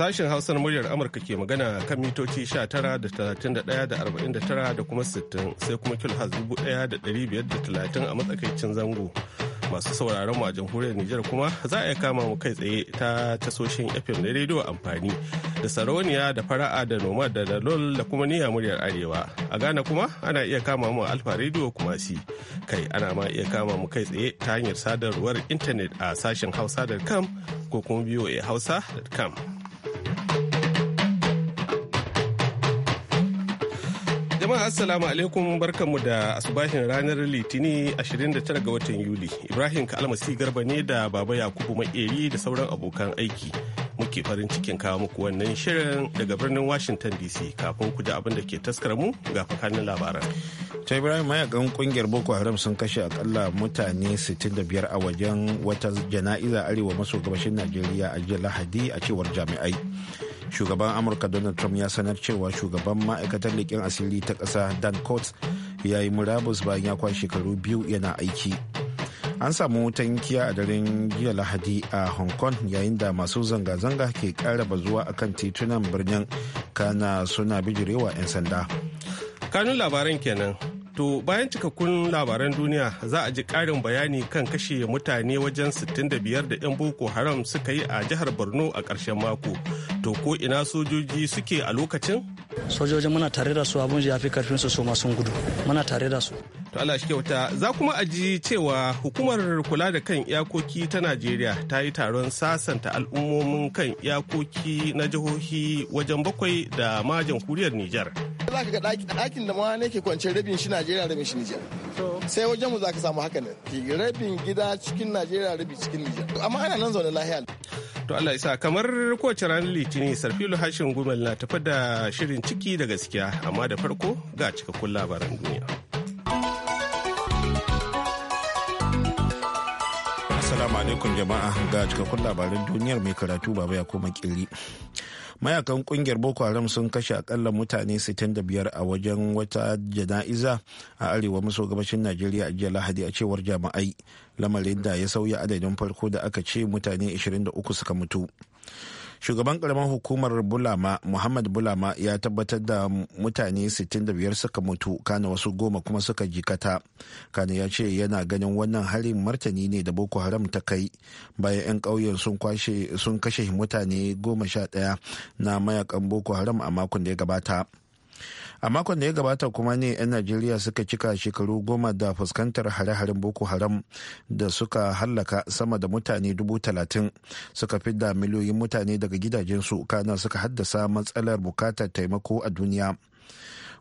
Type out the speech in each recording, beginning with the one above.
Sashen Hausar muryar Amurka ke magana kan mitoci 19 da da da kuma 60 sai kuma kilhaz 1530 a matsakaicin zango. Masu sauraron mu a jamhuriyar Nijar kuma za a iya kama mu kai tsaye ta tasoshin FM na rediyo amfani da sarauniya da fara'a da noma da dalol da kuma niyya muryar arewa. A Ghana kuma ana iya kama mu alfa rediyo kuma si kai ana ma iya kama mu kai tsaye ta hanyar sadarwar intanet a sashen hausa.com ko kuma voa hausa.com. Jama'a Assalamu alaikum barkanmu da asubahin ranar Litini 29 ga watan Yuli. Ibrahim Kalmasi Garba ne da Baba Yakubu Makeri da sauran abokan aiki. Muke farin cikin kawo muku wannan shirin daga birnin Washington DC kafin ku da abin da ke taskar mu ga fakanin labaran. ta ibrahim mayakan kungiyar boko haram sun kashe akalla mutane 65 a wajen wata jana'iza arewa maso gabashin najeriya a jiya lahadi a cewar jami'ai shugaban amurka donald trump ya sanar cewa shugaban ma'aikatar leƙen asiri ta ƙasa dan coats ya yi murabus bayan ya kwan shekaru biyu yana aiki an samu tankiya a daren jiya lahadi a hong kong yayin da masu zanga-zanga ke kara bazuwa akan titunan birnin kana suna bijirewa 'yan sanda kanun labaran kenan to bayan cikakkun labaran duniya za a ji karin bayani kan kashe mutane wajen 65 da 'yan boko haram suka yi a jihar borno a ƙarshen mako To ko ina sojoji suke a lokacin? Sojoji muna tare da su abun ya fi karfin su su gudu. Muna tare da su. To Allah shi kyauta za kuma a ji cewa hukumar kula da kan iyakoki ta Najeriya ta yi taron sasanta al'ummomin kan iyakoki na jihohi wajen bakwai da ma jamhuriyar Nijar. Za ka ga ɗakin da ma kwance rabin shi Najeriya rabin shi Nijar. Sai wajenmu za ka samu haka nan. Rabin gida cikin Najeriya rabin cikin Nijar. Amma ana nan zaune lahiya. To Allah isa kamar kowace ranar Litinin Sarfilu Hashin Gumel na tafi da shirin ciki da gaskiya amma da farko ga cikakkun labaran duniya. Assalamu alaikum jama'a ga cikakkun labaran duniyar mai karatu baba ya koma kiri. mayakan kungiyar boko haram sun kashe akalla mutane 65 a wajen wata jana'iza a arewa maso gabashin najeriya a jiya lahadi a cewar jami'ai lamarin da ya sauya adadin farko da aka ce mutane 23 suka mutu shugaban karamar hukumar bulama muhammad bulama ya tabbatar da mutane 65 suka mutu kana wasu goma kuma suka jikata kana ya ce yana ganin wannan harin martani ne da boko haram ta kai bayan 'yan ƙauyen sun kashe mutane 11 na mayakan boko haram a makon da ya gabata a makon da ya gabata kuma ne 'yan najeriya suka cika shekaru goma da fuskantar hare-haren boko haram da suka hallaka sama da mutane dubu talatin suka da miliyoyin mutane daga gidajensu kana suka haddasa matsalar bukatar taimako a duniya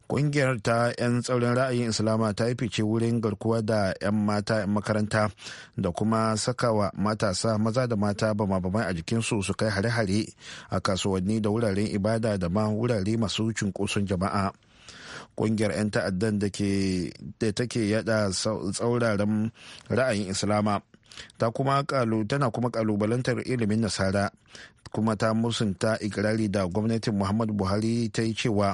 kungiyar ta 'yan tsaurin ra'ayin islama ta yi fice wurin garkuwa da 'yan mata 'yan makaranta da kuma sakawa matasa maza da mata bama-bamai a jikinsu su kai hare-hare a kasuwanni da wuraren ibada da ma wurare masu cunkoson jama'a kungiyar 'yan ta'addan da take yada tsauraran ra'ayin islama ta kuma tana kuma kalubalantar ilimin nasara kuma ta musunta ikirari da gwamnatin muhammadu buhari ta yi cewa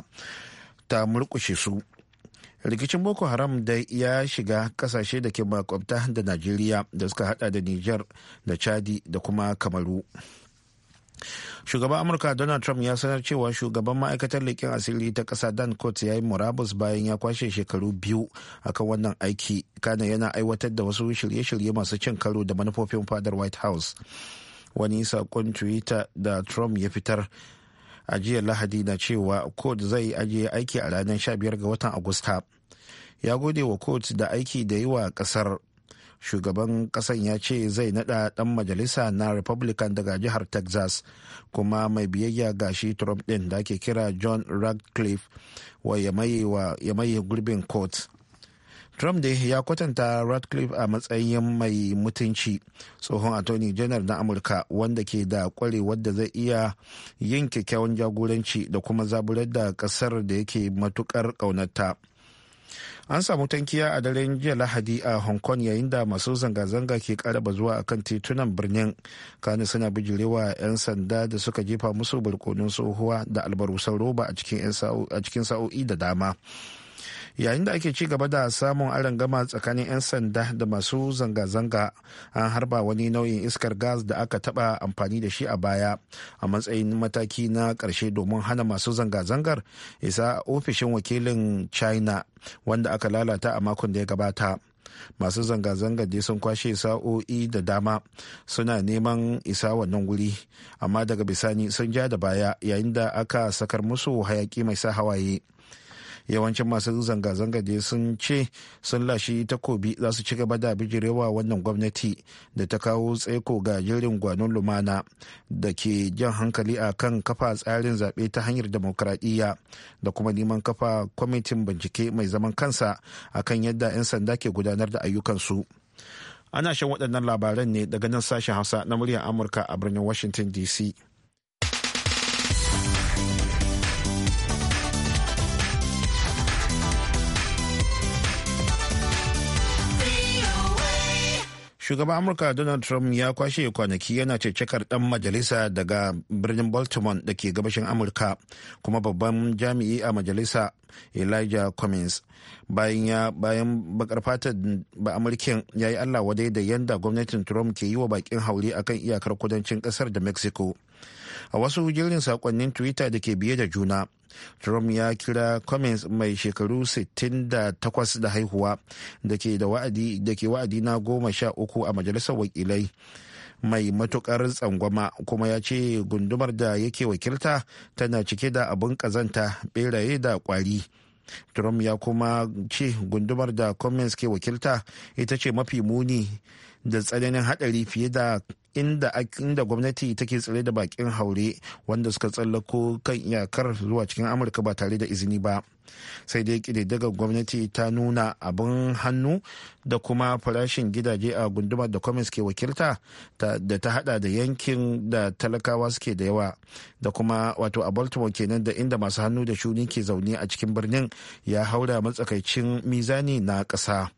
ta murkushe su rikicin boko haram da ya shiga kasashe da ke makwabta da najeriya da suka hada da niger da chadi da kuma kamaru shugaban amurka donald trump ya sanar cewa shugaban ma'aikatar leƙen asiri ta ƙasa dan ya yi murabus bayan ya kwashe shekaru biyu akan wannan aiki kana yana aiwatar da wasu shirye-shirye masu cin karo da manufofin fadar white house wani saƙon twitter da trump ya fitar a jiya lahadi na cewa kot zai ajiye aiki a ranar 15 ga watan agusta ya gode wa kot da aiki da yi wa kasar shugaban kasan ya ce zai nada dan majalisa na republican daga jihar texas kuma mai biyayya ga shi trump din da ake kira john radcliffe wa ya maye gurbin court Trump dai ya kwatanta Radcliffe a matsayin mai mutunci tsohon attorney general na Amurka wanda ke da kwarewar da zai iya yin kyakkyawan jagoranci da kuma zaburar da kasar da yake matukar ƙaunata. An samu tankiya a daren jiya Lahadi a Hong Kong yayin da masu zanga-zanga ke karaba zuwa akan titunan birnin. Kano suna bijirewa 'yan sanda da suka jefa musu barkonon tsohuwa da albarusan roba a cikin sa'o'i da dama. yayin da ake ci gaba da samun arangama tsakanin 'yan sanda da masu zanga-zanga an harba wani nau'in iskar gas da aka taba amfani da shi a baya a matsayin mataki na ƙarshe domin hana masu zanga-zangar isa ofishin wakilin china wanda aka lalata a makon da ya gabata masu zanga-zangar dai sun kwashe sa'o'i da dama suna neman isa wannan wuri amma daga bisani sun ja da baya yayin da aka sakar musu hayaki mai sa hawaye yawancin masu zanga-zanga da sun ce sun lashe takobi za su ci gaba da bijirewa wannan gwamnati da ta kawo tsaiko ga jirin gwanon lumana da ke jan hankali a kan kafa tsarin zaɓe ta hanyar demokradiyya da kuma neman kafa kwamitin bincike mai zaman kansa a kan yadda 'yan sanda ke gudanar da ayyukansu. ana shan waɗannan labaran ne daga nan sashen hausa na muryar amurka a birnin washington dc shugaban amurka donald trump ya kwashe kwanaki yana cecekar dan majalisa daga birnin baltimore da ke gabashin amurka kuma babban jami'i a majalisa elijah cummings bayan ya bayan bakar ba amurkin ya yi allah wadai da yanda gwamnatin trump ke yi wa bakin a kan iyakar kudancin kasar da mexico a wasu jirin sakonnin twitter da ke biye da juna trump ya kira cummins mai shekaru 68 da haihuwa da ke wa'adi na goma sha uku a majalisar wakilai mai matukar tsangwama kuma ya ce gundumar da yake wakilta tana cike da abun kazanta beraye da kwari trump ya kuma ce gundumar da cummins ke wakilta ita ce mafi muni da tsananin hadari fiye da inda gwamnati take tsire da bakin haure wanda suka tsallako kan iyakar zuwa cikin amurka ba tare da izini ba sai dai daga gwamnati ta nuna abin hannu da kuma farashin gidaje a gundumar da commons ke wakilta da ta hada da yankin da talakawa suke da yawa da kuma wato a baltimore kenan da inda masu hannu da shuni ke zaune a cikin birnin ya haura matsakaicin mizani na ƙasa.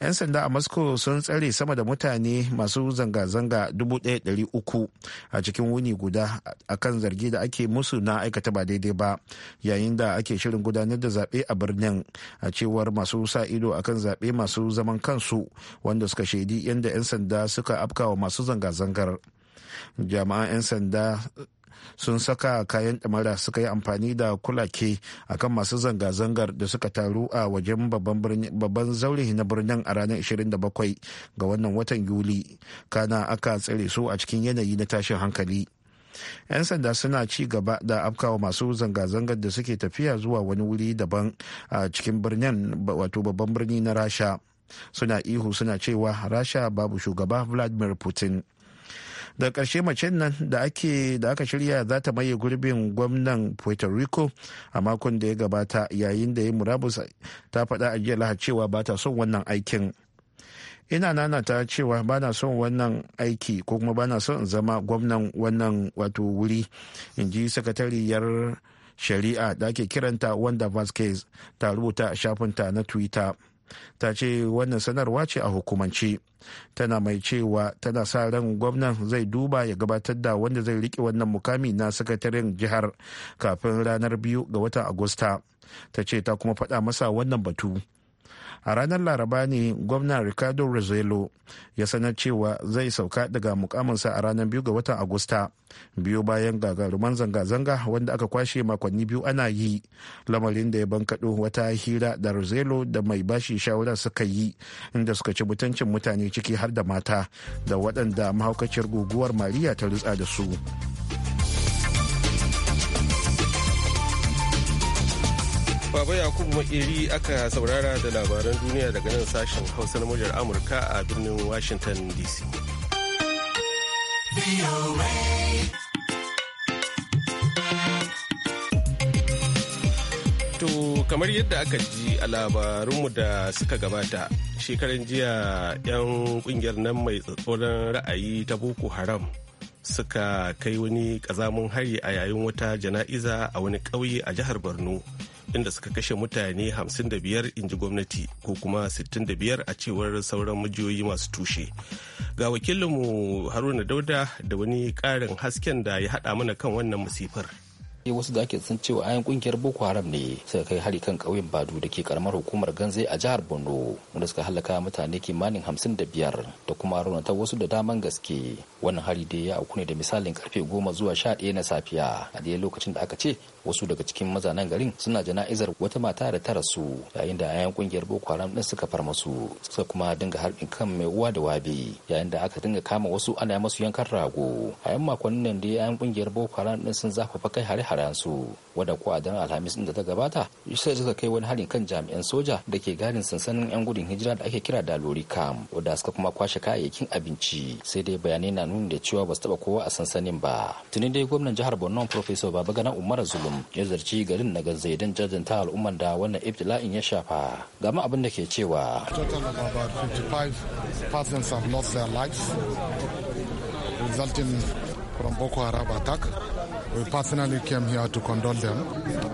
'yan sanda a moscow sun tsare sama da mutane masu zanga-zanga 1,300 a cikin wuni guda akan zargi da ake musu na aikata ba daidai ba yayin da ake shirin gudanar da zaɓe a birnin a cewar masu sa ido akan zaɓe masu zaman kansu wanda suka shaidi yadda 'yan sanda suka afkawa masu zanga-zangar jama'an 'yan sanda sun saka kayan ɗamara suka yi amfani da kulake akan masu zanga-zangar da suka taru a wajen babban zaure na birnin a ranar 27 ga wannan watan yuli kana aka tsare su a cikin yanayi na tashin hankali 'yan sanda suna ci gaba da afkawa masu zanga-zangar da suke tafiya zuwa wani wuri daban a cikin birnin wato babban birni na rasha suna ihu suna cewa rasha babu shugaba vladimir putin da ƙarshe macen nan da ake da aka shirya za ta maye gurbin gwamnan puerto rico a makon da ya gabata yayin da ya murabus ta faɗa a jiya lahar cewa ba ta son wannan aikin ina nana ta cewa ba na son wannan aiki ko kuma ba na son zama gwamnan wannan wato wuri in ji sakatariyar shari'a da ake kiranta wanda vasquez ta rubuta a shafinta na twitter ta ce wannan sanarwa ce a hukumance tana mai cewa tana sa ran gwamnan zai duba ya gabatar da wanda zai riƙe wannan mukami na sakataren jihar kafin ranar biyu ga watan agusta ta ce ta kuma faɗa masa wannan batu a ranar laraba ne gwamna ricardo rosello ya sanar cewa zai sauka daga mukaminsa a ranar biyu ga watan agusta biyu bayan gagaruman zanga-zanga wanda aka kwashe makonni biyu ana yi lamarin da ya bankaɗo wata hira da rosello da mai bashi shawara suka yi inda suka ci mutuncin mutane ciki har da mata da waɗanda mahaukaciyar guguwar mariya ta rutsa da su Baba Yakubu Maƙeri aka saurara da labaran duniya daga nan sashen Hausa na muryar Amurka a birnin Washington DC. To kamar yadda aka ji a labarunmu da suka gabata shekaran jiya 'yan kungiyar nan mai tsotsoron ra'ayi ta Boko Haram suka kai wani kazamin hari a yayin wata jana'iza a wani ƙauye a jihar Borno. inda suka kashe mutane 55 ji gwamnati ko kuma 65 a cewar sauran majiyoyi masu tushe ga wakilinmu haruna dauda da wani karin hasken da ya hada mana kan wannan masifar eh, wasu da ake san cewa ayan kungiyar boko haram ne suka kai hari kan kauyen badu da ke karamar hukumar ganzai a jihar borno wanda suka halaka mutane kimanin hamsin da biyar da kuma raunata wasu da daman gaske wannan hari dai ya auku ne da misalin karfe goma zuwa sha ɗaya na safiya a daya lokacin da aka ce wasu daga cikin mazanan garin suna jana'izar wata mata da ta rasu yayin da yayan kungiyar boko haram din suka far masu suka kuma dinga harbin kan mai uwa da wabe yayin da aka dinga kama wasu ana masu yankan rago a yan makonnin nan da yayan kungiyar boko haram din sun zafafa kai hare-haren su wadda ko a daren alhamis din da ta gabata sai suka kai wani harin kan jami'an soja da ke garin sansanin yan gudun hijira da ake kira da lori kam wadda suka kuma kwashe kayayyakin abinci sai dai bayanai na nuna da cewa ba su taba kowa a sansanin ba tuni dai gwamnan jihar borno professor babagana umar zulum ya zarci garin daga zaidan don ta al'ummar da wannan ibtila'in ya shafa game abin da ke cewa resulting from Boko Haram attack. We personally came here to condole them.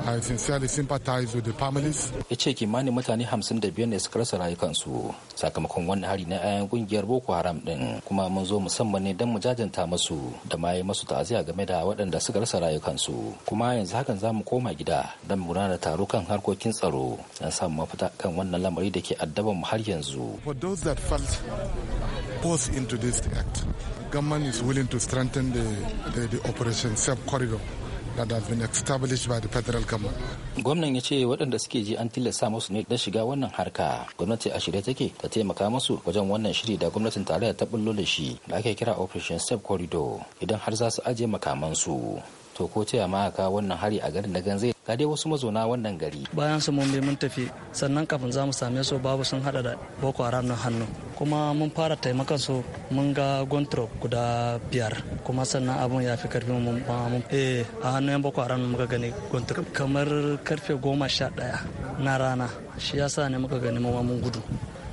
I sincerely sympathize with the families. Ya ce kimanin mutane 55 ne suka rasa rayukansu sakamakon wani hari na 'ya'yan kungiyar Boko Haram din kuma mun zo musamman ne don mu jajanta masu da ma yi masu ta'aziyya game da waɗanda suka rasa rayukansu. Kuma yanzu hakan za mu koma gida don mu gudanar taro kan harkokin tsaro don samu mafita kan wannan lamari da ke addaban mu har yanzu. For those that felt forced into this act, government is willing to strengthen the, the, the operation safe corridor that has been established by the federal government. Gwamnan ya ce waɗanda suke ji an tilasta musu ne don shiga wannan harka. Gwamnati a shirye take ta taimaka musu wajen wannan shiri da gwamnatin tarayya ta bullo da shi da ake kira Operation Safe Corridor idan har za su ajiye makamansu. To ko ta ma ka wannan hari a garin da gan zai ga dai wasu mazauna wannan gari bayan su mun bi mun tafi sannan kafin za mu same su babu sun hada da boko haram nan hannu kuma mun fara taimakan su mun ga gontrop guda biyar kuma sannan abun ya fi karfin mun mun eh a hannun boko haram muka gani gontrop kamar karfe goma sha daya na rana shi yasa ne muka gani mun gudu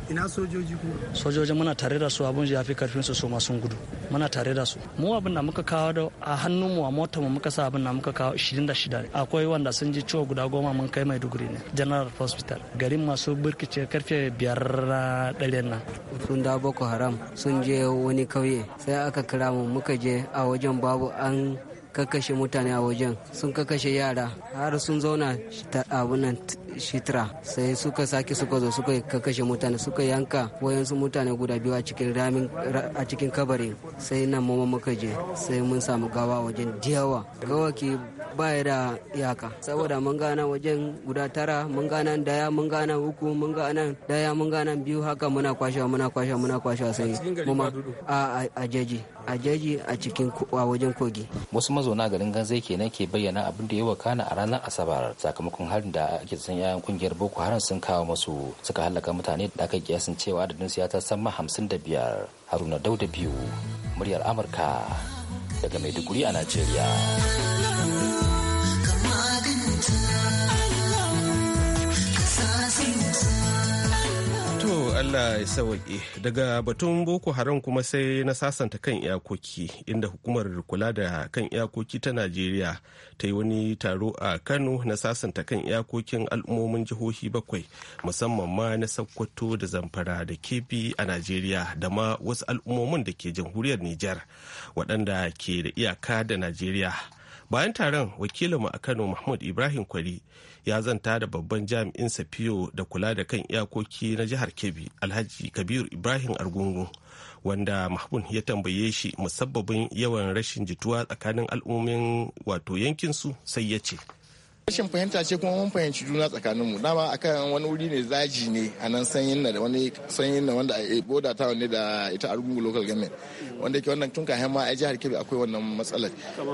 ina sojoji ku sojoji muna tare da su abun ya fi karfin su ma sun gudu muna tare da su mu abin da muka kawo da a hannun mu a motar mu muka sa abin da muka kawo 26 akwai wanda sun ji ciwo guda goma mun kai maiduguri ne general hospital garin masu birkice karfe biyar na dare nan sun da boko haram sun je wani kauye sai aka kira mu muka je a wajen babu an kakashe mutane a wajen sun kakashe yara har sun zauna abunan shitra sai suka sake suka zo suka kakashe mutane suka yanka wayansu mutane guda biyu a cikin kabari kabarin sai nan muka je sai mun samu gawa wajen diyawa gawaki baya da iyaka saboda mun gana wajen guda tara mun gana daya mun gana uku mun gana daya mun gana biyu haka muna kwashewa muna kwashewa muna kwashewa sai kuma a a jeji a jeji a cikin a wajen kogi wasu mazauna garin ganzai kenan ke bayyana abin da ya wakana a ranar asabar sakamakon harin da ake san yayan kungiyar boko haram sun kawo masu suka halaka mutane da aka kiyasin cewa adadin su ya ta sama hamsin da biyar haruna dauda biyu muryar amurka daga maiduguri a nigeria. Allah ya Daga batun Boko Haram kuma sai na sasanta kan iyakoki inda hukumar kula da kan iyakoki ta Najeriya ta yi wani taro a Kano na sasanta kan iyakokin al'ummomin jihohi bakwai musamman ma na Sokoto da Zamfara da Kebbi a Najeriya da ma wasu al'ummomin da ke jamhuriyar Nijar waɗanda ke da iyaka da Najeriya. Bayan taron wakilinmu a Kano Mahmud Ibrahim Kwari ya zanta da babban jami'in safiyo da kula da kan iyakoki na jihar kebbi alhaji kabiru ibrahim argungu wanda mahmud ya tambaye shi musabbabin yawan rashin jituwa tsakanin al'ummin wato yankinsu sai ya ce Rashin fahimta ce kuma mun fahimci juna tsakaninmu. Dama akan wani wuri ne zaji ne a nan sanyin na da wani sanyin na wanda a boda ta ne da ita Argungu local government. Wanda yake wannan tun kahin ma a jihar Kebbi akwai wannan matsalar.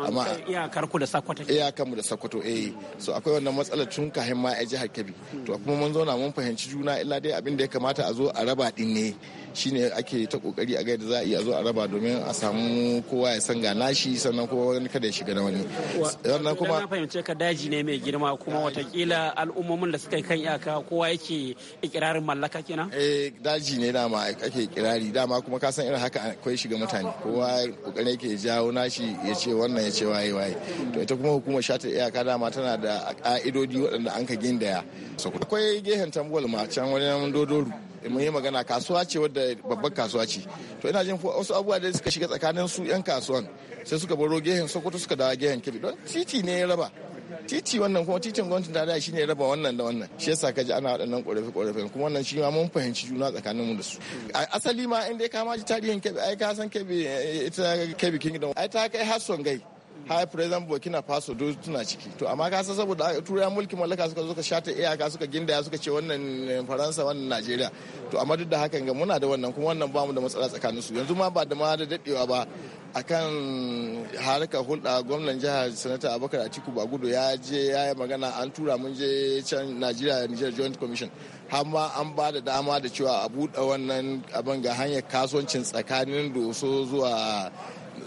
Amma iyakar ku da Sokoto. Iyakar mu da Sokoto eh. So akwai wannan matsalar tun kahin ma a jihar Kebbi. To kuma mun zauna mun fahimci juna illa dai abin da ya kamata a zo a raba din ne. shine ake ta kokari a gaida za a iya zo a raba domin a samu kowa ya san ga nashi sannan kowa wani kada ya shiga na wani. Wannan kuma. Na fahimce ka daji ne mai mai girma kuma watakila al'ummomin da suka yi kan iyaka kowa yake ikirarin mallaka kenan eh daji ne dama ake ikirari dama kuma ka san irin haka akwai shiga mutane kowa kokarin yake jawo nashi ya ce wannan ya ce waye waye to ita kuma hukumar shata iyaka dama tana da ka'idodi waɗanda an ka gindaya akwai gehen tambol ma can namun dodoru mun yi magana kasuwa ce wadda babban kasuwa ce to ina jin wasu abubuwa da suka shiga tsakanin su yan kasuwan sai suka baro gehen sokoto suka dawo gehen kebbi don titi ne ya raba titi wannan kuma titin gwamnatin shi ne raba wannan da wannan shi yasa kaji ana waɗannan ƙorafi ƙorafi kuma wannan shi ma mun fahimci juna tsakanin mu da su asali ma inda ya kama ji tarihin kebe ai ka san kebe eh, ita kebe kingdom ai ta kai har son gai high president burkina faso do tuna ciki to amma kasa saboda turai mulkin mallaka suka zo ka shata iyaka suka gindaya suka ce wannan eh, faransa wannan najeriya to amma duk da hakan ga muna da wannan kuma wannan bamu da matsala tsakanin su yanzu ma ba da ma da daɗewa ba akan harkar hulɗa gwamnan jihar sanata abubakar atiku bagudu ya je ya yi magana an tura mun je can najeriya niger joint commission har ma an ba da dama da cewa a buɗe wannan abin ga hanyar kasuwancin tsakanin doso zuwa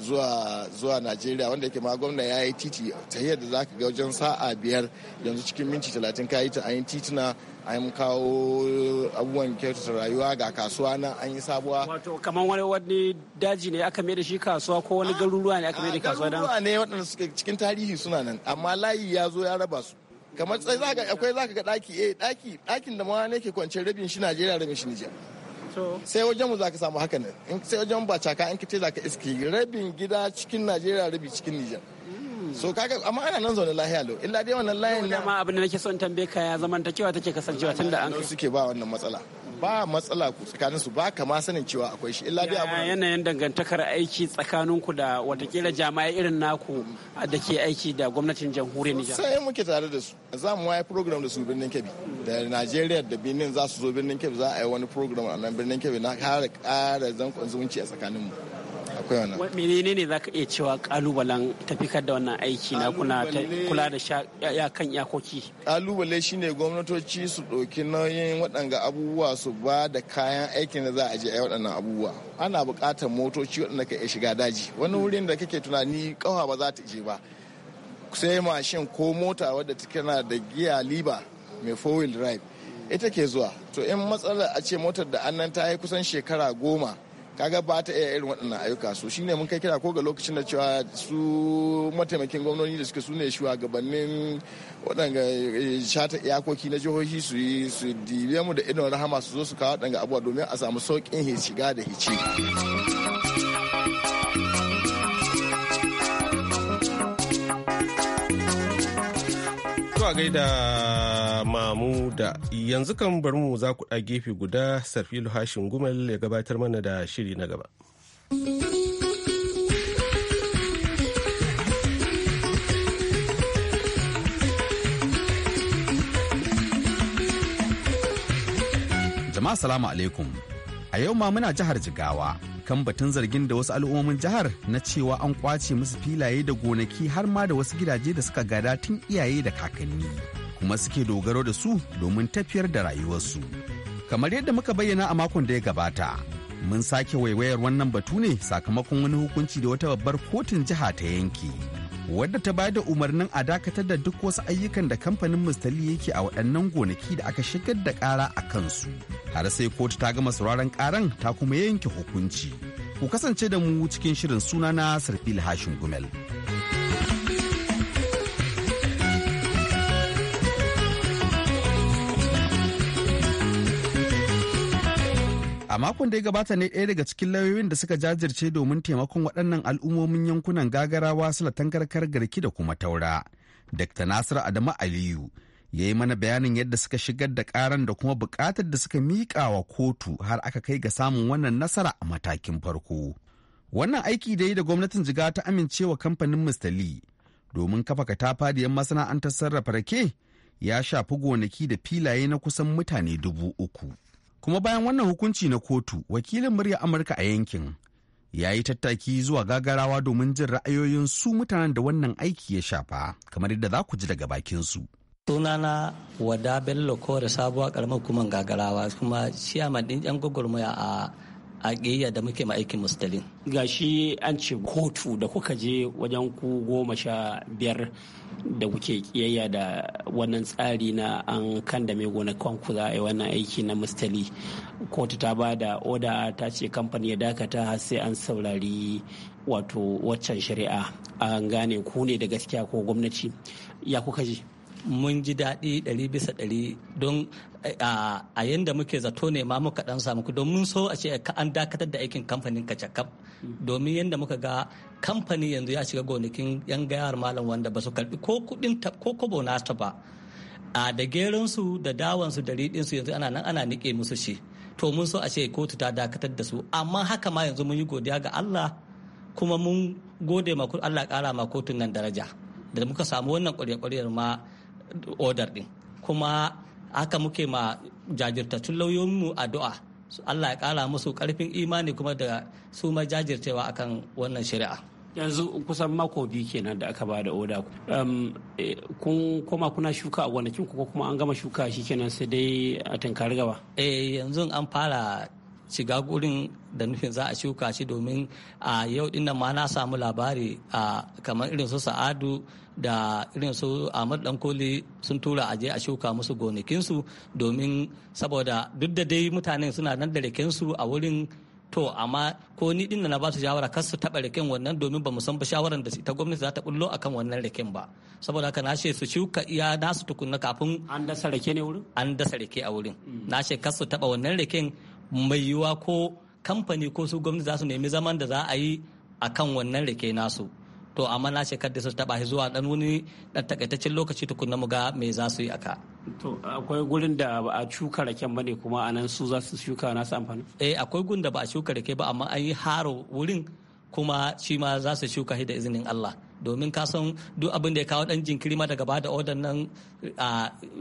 zuwa zuwa najeriya wanda yake ma gwamna ya yi titi ta da za ka ga wajen sa'a biyar yanzu cikin minti talatin ka yi ta an yi titina an kawo abubuwan kyautata rayuwa ga kasuwa nan an yi sabuwa wato kamar wani wani daji ne aka mai da shi kasuwa ko wani garuruwa ne aka mai da ah, kasuwa dan garuruwa ne waɗanda suke cikin tarihi suna nan amma layi ya zo ya raba su kamar sai akwai ka ga ɗaki eh daki da ma ne ke kwance rabin shi Najeriya rabin shi Nijar sai wajen mu zaka samu haka ne in sai wajen ba caka in kace ka iski rabin gida cikin Najeriya rabi cikin Nijar so kaga amma ana nan zaune lahiya lau illa dai wannan layin na ma abin da nake son tambaye ka ya cewa take kasancewa tunda an suke ba wannan matsala ba matsala tsakanin su ba kama sanin cewa akwai shi illa dai abu yanayin dangantakar aiki tsakanin ku da watakila jami'ai irin naku da ke aiki da gwamnatin jamhuriyar Nijar sai muke tare da su za mu waye program da su birnin Kebbi da Najeriya da Benin za su zo birnin Kebbi za a yi wani program a nan birnin Kebbi na kare kara zankon zumunci a tsakanin mu koya na. Menene ne za ka iya cewa kalubalen tafikar da wannan aiki na kuna ta kula da ya kan iyakoki? Kalubale shine gwamnatoci su ɗauki nauyin waɗanga abubuwa su ba da kayan aikin da za a je a waɗannan abubuwa. Ana buƙatar motoci waɗanda ka iya shiga daji. Wani hmm. wurin da kake tunani ƙafa ba za ta je ba. Sai mashin ko mota wadda tana da giya liba mai four wheel drive ita ke zuwa to in matsalar a ce motar da annan ta yi kusan shekara goma kaga ba ta iya irin waɗannan ayyuka so shine mun kai kira ko ga lokacin da cewa su mataimakin gwamnoni da suke sune ne shugabannin waɗanga eh, shata iyakoki na jihohi su yi su dibe mu da irin rahama su zo su kawo waɗanga abubuwa domin a samu sauƙin shiga da hici. a gaida mamu da yanzu kan bar mu za ku ɗa gefe guda sarfilu hashin gumal ya gabatar mana da shiri na gaba. Jama'a salamu alaikum. A yau ma muna jihar Jigawa kan batun zargin da wasu al'ummomin jihar na cewa an kwace musu filaye da gonaki har ma da wasu gidaje da suka gada tun iyaye da kakanni kuma suke dogaro da su domin tafiyar da rayuwarsu kamar yadda muka bayyana a makon da ya gabata mun sake waiwayar wannan batu ne sakamakon wani hukunci da wata babbar kotun jiha ta yanke wadda ta bayar da umarnin a dakatar da duk wasu ayyukan da kamfanin mustali yake a waɗannan gonaki da aka shigar da ƙara a kansu har sai kotu ta gama sauraron ƙaran ta kuma yanke hukunci ku kasance da mu cikin shirin sunana sarfil hashin gumel. a makon da ya gabata ne ɗaya daga cikin lauyoyin da suka jajirce domin taimakon waɗannan al'ummomin yankunan gagarawa sulatan karkar garki da kuma taura dr nasir adamu aliyu ya yi mana bayanin yadda suka shigar da karan da kuma buƙatar da suka miƙa wa kotu har aka kai ga samun wannan nasara a matakin farko wannan aiki da yi da gwamnatin jiga ta amincewa kamfanin mr lee domin kafa katafariyar masana'antar sarrafa rake ya shafi gonaki da filaye na kusan mutane dubu uku. kuma bayan wannan hukunci na kotu wakilin murya amurka a yankin ya yi tattaki zuwa gagarawa domin jin ra'ayoyin su mutanen da wannan aiki ya shafa kamar yadda za ku ji daga bakinsu sunana wada bello kore sabuwa karamar hukumar gagarawa kuma ciyaman din yan gwagwarmaya a a ƙiyayya da muke ma aikin mustalin. shi an ce kotu da kuka je wajen ku goma sha biyar da kuke ƙiyayya da wannan tsari na an kan da mai ku za a yi wannan aiki na mustali. Kotu ta ba da oda ta ce kamfani ya dakata har sai an saurari wato waccan shari'a an gane ku ne da gaskiya ko gwamnati ya kuka je. mun ji daɗi ɗari bisa ɗari don a yanda muke zato ne ma muka ɗan samu don mun so a ce an dakatar da aikin kamfanin cakap domin yadda muka ga kamfani yanzu ya shiga gonakin yan gayar malam wanda ba su karbi ko kuɗin ko kobo nasta ba a da geransu da dawansu da riɗinsu yanzu ana nan ana niƙe musu shi to mun so a ce kotu ta dakatar da su amma haka ma yanzu mun yi godiya ga Allah kuma mun gode ma Allah ƙara ma kotun nan daraja da muka samu wannan ƙwarya-ƙwaryar ma order din kuma haka muke ma jajirtattun lauyoyinmu addu'a Allah ya kara musu karfin imani kuma da su ma jajircewa akan wannan shari'a yanzu kusan mako biyu kenan da aka bada oda um, eh, kun koma kuna shuka a gonakin ko kuma an gama shuka shi kenan sai dai a tankar gaba eh yanzu an fara shiga gurin da nufin za a shuka shi domin a yau dinnan ma na samu labari a kamar irin su sa'adu da irin su ahmad dankoli sun tura aje a shuka musu gonakinsu domin saboda duk da dai mutanen suna nan da su a wurin to amma ko ni din na ba su shawara kar su taɓa rikin wannan domin ba mu san ba shawaran da ta gwamnati za ta bullo akan wannan rikin ba saboda haka na ce su shuka iya nasu tukunna kafin an dasa rake ne wurin an dasa rake a wurin mm. na ce kar su taɓa wannan rikin mai yiwa ko kamfani ko su gwamnati za su nemi zaman da za a yi akan wannan rake nasu to amma na ce kadda su taba zuwa dan wani dan takaitaccen lokaci tukunna mu ga me za su yi aka to akwai gurin da ba a shuka raken bane kuma anan su za su shuka na su amfani eh akwai gurin da ba a shuka rake ba amma an yi haro wurin kuma shi ma za su shuka da izinin Allah domin ka san duk abin da ya kawo dan jinkiri ma daga bada order nan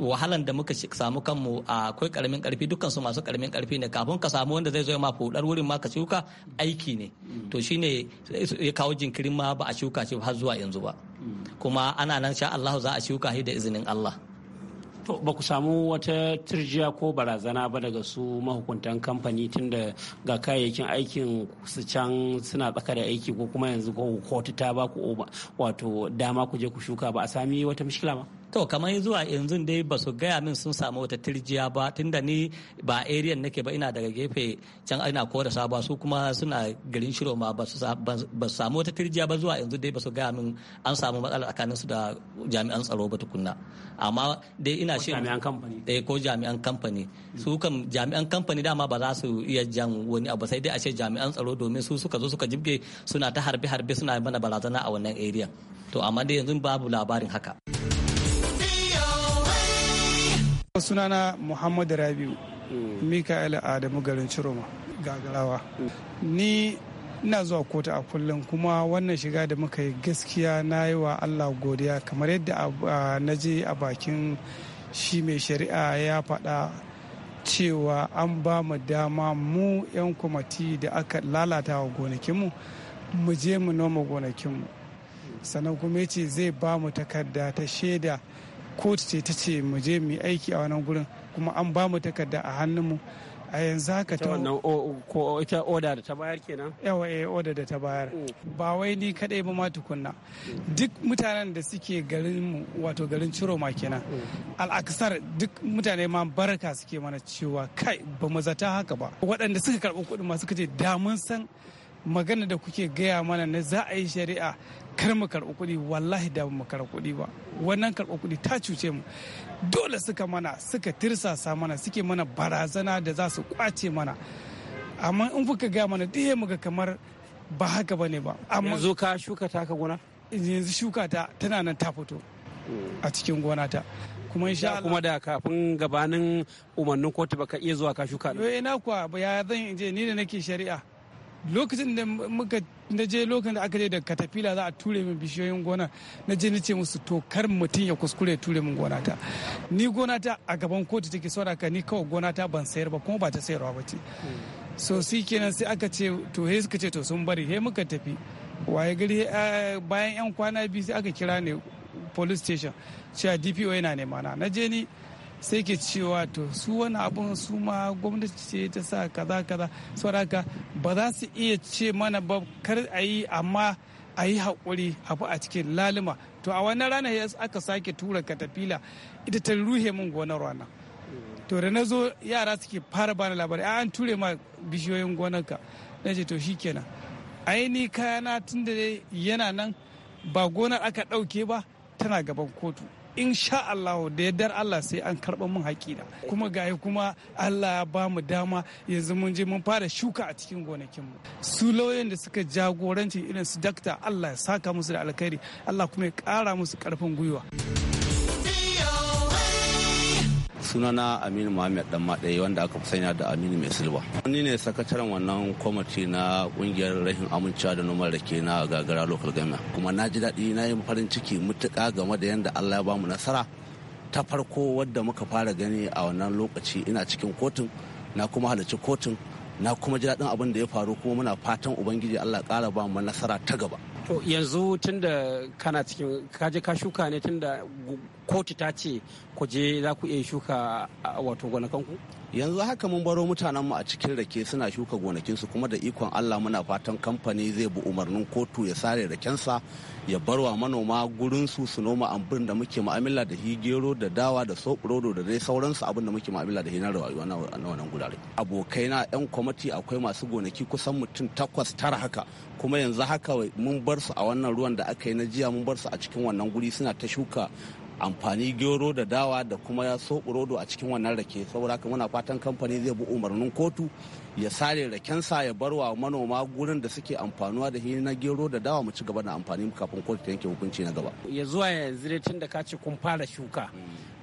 wahalan da muka samu kanmu akwai karamin karfi dukkan su masu karamin karfi ne kafin ka samu wanda zai zo ma fudar wurin ma ka shuka aiki ne to shine ya kawo jinkirin ma ba a shuka shi har zuwa yanzu ba mm. kuma ana nan sha Allah za a shuka shi da izinin Allah to ba ku samu wata turjiya ko barazana ba daga su mahukuntan kamfani tunda ga kayayyakin aikin su can suna tsaka da aiki ko kuma yanzu ko kotu ta ba ku wato dama ku je ku shuka ba a sami wata mishkila ba to kamar zuwa yanzu dai ba su gaya min sun samu wata tirjiya ba tunda ni ba area nake ba ina daga gefe can ina kora ba su kuma suna garin shiro ma ba su samu wata tirjiya ba zuwa yanzu dai ba su gaya min an samu matsala tsakanin su da jami'an tsaro ba tukunna amma dai ina shi jami'an kamfani eh, ko jami'an kamfani su kan jami'an kamfani dama ba za su iya jan wani abu sai dai a ce jami'an tsaro domin su suka zo suka jibge suna ta harbe harbe suna mana barazana a wannan area to amma dai yanzu babu labarin haka sunana muhammadu rabiu mm. mika'ila adamu garin ciroma gagarawa mm. ni ina zuwa kotu a kullum kuma wannan shiga da muka yi gaskiya na yi wa allah godiya kamar yadda na je a bakin shi mai shari'a ya faɗa cewa an ba mu dama mu 'yan kwamati da aka lalata wa gonakinmu mu je mu noma gonakinmu mm. sannan kuma ya ce zai ba mu takarda ta shaida kotu ce ta ce mu je mu aiki a wannan gurin kuma an ba mu takarda a hannunmu a yanzu haka ta wannan ko ita oda da ta bayar kenan yawa eh oda da ta bayar mm. ba wai ni kadai ba ma tukunna duk mutanen da suke garin mu wato garin ciro ma kenan mm. al'aksar duk mutane ma baraka suke mana cewa kai ba mu zata haka ba waɗanda suka karɓi kuɗi ma suka ce da mun san magana da kuke gaya mana na za a yi shari'a kar mu karɓi kuɗi wallahi da mu karɓi kuɗi ba wannan karɓi kuɗi ta cuce mu dole suka mana suka tirsasa mana suke mana barazana da za su kwace mana amma in kuka ga mana duk muga kamar ba haka ba ne ba amma yanzu ka shuka ta ka gona yanzu shuka ta tana nan ta fito a cikin gona ta kuma in sha kuma da kafin gabanin umarnin kotu baka iya zuwa ka shuka eh, ina kuwa ya zan je ni da nake shari'a lokacin da muka na je lokacin da aka je da katafila za a ture min bishiyoyin gona na je ni ce musu to kar mutum ya kuskure ya ture min gonata ni gonata a gaban kotu take ka ni kawai gonata ban sayar ba kuma ba ta sayarwa ba ce so si kenan sai aka ce to he suka ce to sun bari he muka tafi waye gari eh, bayan yan kwana biyu sai aka kira ne police station cewa dpo yana nema na na je ni sai ke cewa to su wani abun su ma gwamnati ce ta sa kaza kaza saboda ba za su iya ce mana ba kar a yi amma a yi haƙuri abu a cikin laluma to a wannan ranar ya aka sake tura katafila ita ta ruhe min gonar rana to da na zo yara suke fara bani labari an ture ma bishiyoyin gonarka na ce to shikenan aini kayana tun da yana nan ba gonar aka ɗauke ba tana gaban kotu in sha Allah da yardar Allah sai an karɓa mun haƙina kuma gaya kuma Allah ya ba mu dama yanzu mun je mun fara shuka a cikin gonakin mu. su lauyan da suka jagoranci irin su dakta Allah ya saka musu da alkhairi Allah kuma ya ƙara musu ƙarfin gwiwa. sunana aminu muhammad dan maɗaya wanda aka fi sanya da aminu mai silba ni ne sakataren wannan kwamiti na ƙungiyar rashin amincewa da noman rake na gagara local government kuma na ji daɗi na yi farin ciki mutuƙa game da yadda allah ya bamu nasara ta farko wadda muka fara gani a wannan lokaci ina cikin kotun na kuma halarci kotun na kuma ji daɗin abin da ya faru kuma muna fatan ubangiji allah ƙara ba mu nasara ta gaba to yanzu tun kana cikin kaje ka shuka ne tun kotu ta ce ku je za ku iya shuka wato gonakanku yanzu haka mun baro mutanen mu a cikin rake suna shuka gonakinsu kuma da ikon allah muna fatan kamfani zai bi umarnin kotu ya sare rakensa ya barwa manoma gurin su su noma abin da muke ma'amala da gero da dawa da soɓurodo da dai sauransu abin da muke ma'amala da na rayuwa na wannan gurare abokai na yan kwamati akwai masu gonaki kusan mutum takwas tara haka kuma yanzu haka mun bar su a wannan ruwan da aka yi na jiya mun bar su a cikin wannan guri suna ta shuka amfani gero da dawa da kuma ya soɓurodo a cikin wannan rake saboda haka muna fatan kamfani zai bi umarnin kotu ya sare rakensa ya bar wa manoma gurin da suke amfanuwa da shi na gero da dawa mu ci gaba da amfani kafin kotu ta yanke hukunci na gaba. Ya zuwa yanzu tun da ka ce kun fara shuka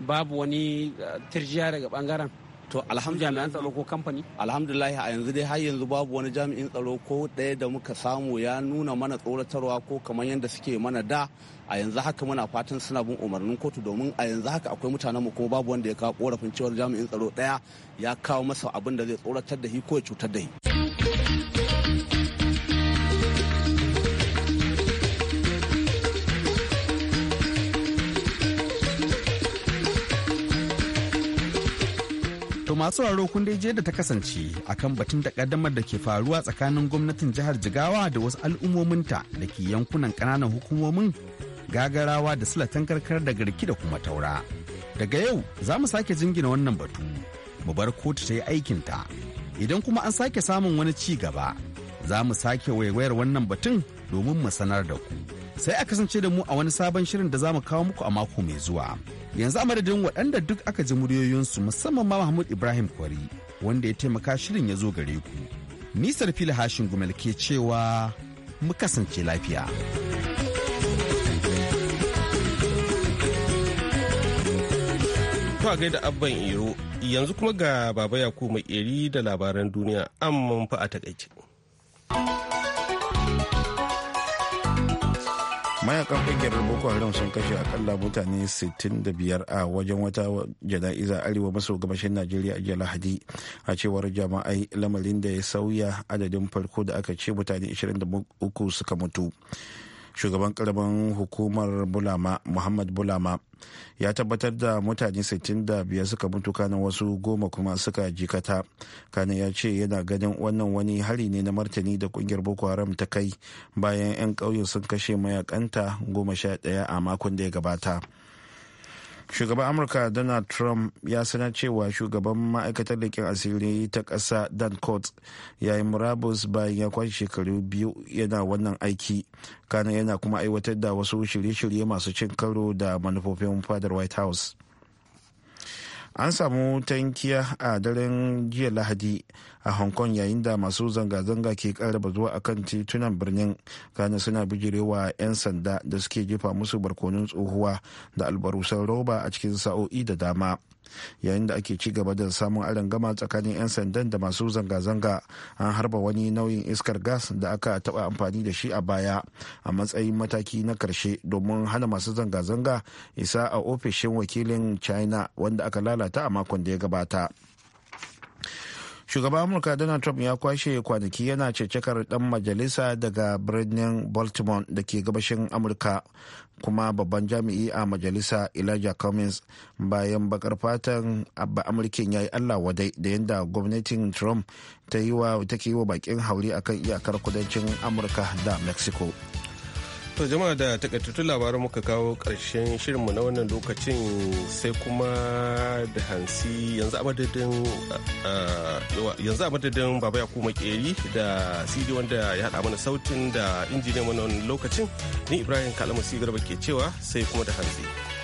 babu wani eh, tirjiya daga bangaren. to alhamdulillah tsaro ko kamfani alhamdulillah a yanzu dai har yanzu babu wani jami'in tsaro ko ɗaya da muka samu ya nuna mana tsoratarwa ko kamar yadda suke mana da a yanzu haka muna fatan suna bin umarnin kotu domin a yanzu haka akwai mutanen mu kuma babu wanda ya kawo korafin cewar jami'in tsaro ɗaya ya kawo masa abin da zai tsoratar da shi ko ya cutar da shi masu raro kun dai je da ta kasance akan batun da kaddamar da ke faruwa tsakanin gwamnatin jihar Jigawa da wasu al'ummominta da ke yankunan kananan hukumomin gagarawa da silatan karkar da garki da kuma taura. Daga yau za mu sake jingina wannan batu, mu bar kotu ta yi aikinta. Idan kuma an sake samun wani ci gaba, za mu sake waiwayar wannan batun domin mu sanar da ku. sai a kasance da mu a wani sabon shirin da za mu kawo muku a mako mai zuwa yanzu a madadin waɗanda duk aka ji muryoyinsu musamman ma mahmud ibrahim kwari wanda ya taimaka shirin ya zo gare ku nisar fili hashin gumel ke cewa mu kasance lafiya to gaida abban iro yanzu kuma ga baba yakubu makeri da labaran duniya an fa a takaice mayakan kungiyar boko haram sun kashe akalla mutane 65 a wajen wata jana'iza arewa maso gabashin najeriya a jiya lahadi a cewar jama'ai lamarin da ya sauya adadin farko da aka ce mutane 23 suka mutu shugaban karamin hukumar bulama muhammad bulama ya tabbatar da mutane 65 suka mutu kanan wasu goma kuma suka jikata kana ya ce yana ganin wannan wani hari ne na martani da kungiyar boko haram ta kai bayan 'yan ƙauyen sun kashe mayakanta goma sha ɗaya a makon da ya gabata shugaban amurka donald trump ya sanar cewa shugaban ma'aikatar leƙen asiri ta ƙasa dan court ya yi murabus bayan ya kwashe shekaru biyu yana wannan aiki kana yana kuma aiwatar da wasu shirye-shirye masu cin karo da manufofin fadar white house an samu tankiya a daren jiya lahadi a hong kong yayin da masu zanga-zanga ke karaba zuwa a kan titunan birnin gane suna bijirewa 'yan sanda da suke jefa musu barkonin tsohuwa da albarusan roba a cikin sa'o'i da dama yayin da ake ci gaba da samun arangama tsakanin 'yan sandan da masu zanga-zanga an harba wani nauyin iskar gas da aka taɓa amfani da shi a baya a matsayin mataki na karshe domin hana masu zanga-zanga isa a ofishin wakilin china wanda aka lalata a makon da ya gabata shugaban amurka donald trump ya kwashe kwanaki yana cecekar dan majalisa daga birnin baltimore da ke gabashin amurka kuma babban jami'i a majalisa elijah cummings bayan bakar fatan abba amurkin ya yi allah wadai da yadda gwamnatin trump ta yi wa bakin hauri akan iyakar kudancin amurka da mexico To jama'a da takaitattun labaran muka kawo ƙarshen shirinmu na wannan lokacin sai kuma da hansi yanzu a madadin baba ya kuma keri da cd wanda ya haɗa mana sautin da injiniyan wannan lokacin ni ibrahim kalamu garba ke cewa sai kuma da hansi.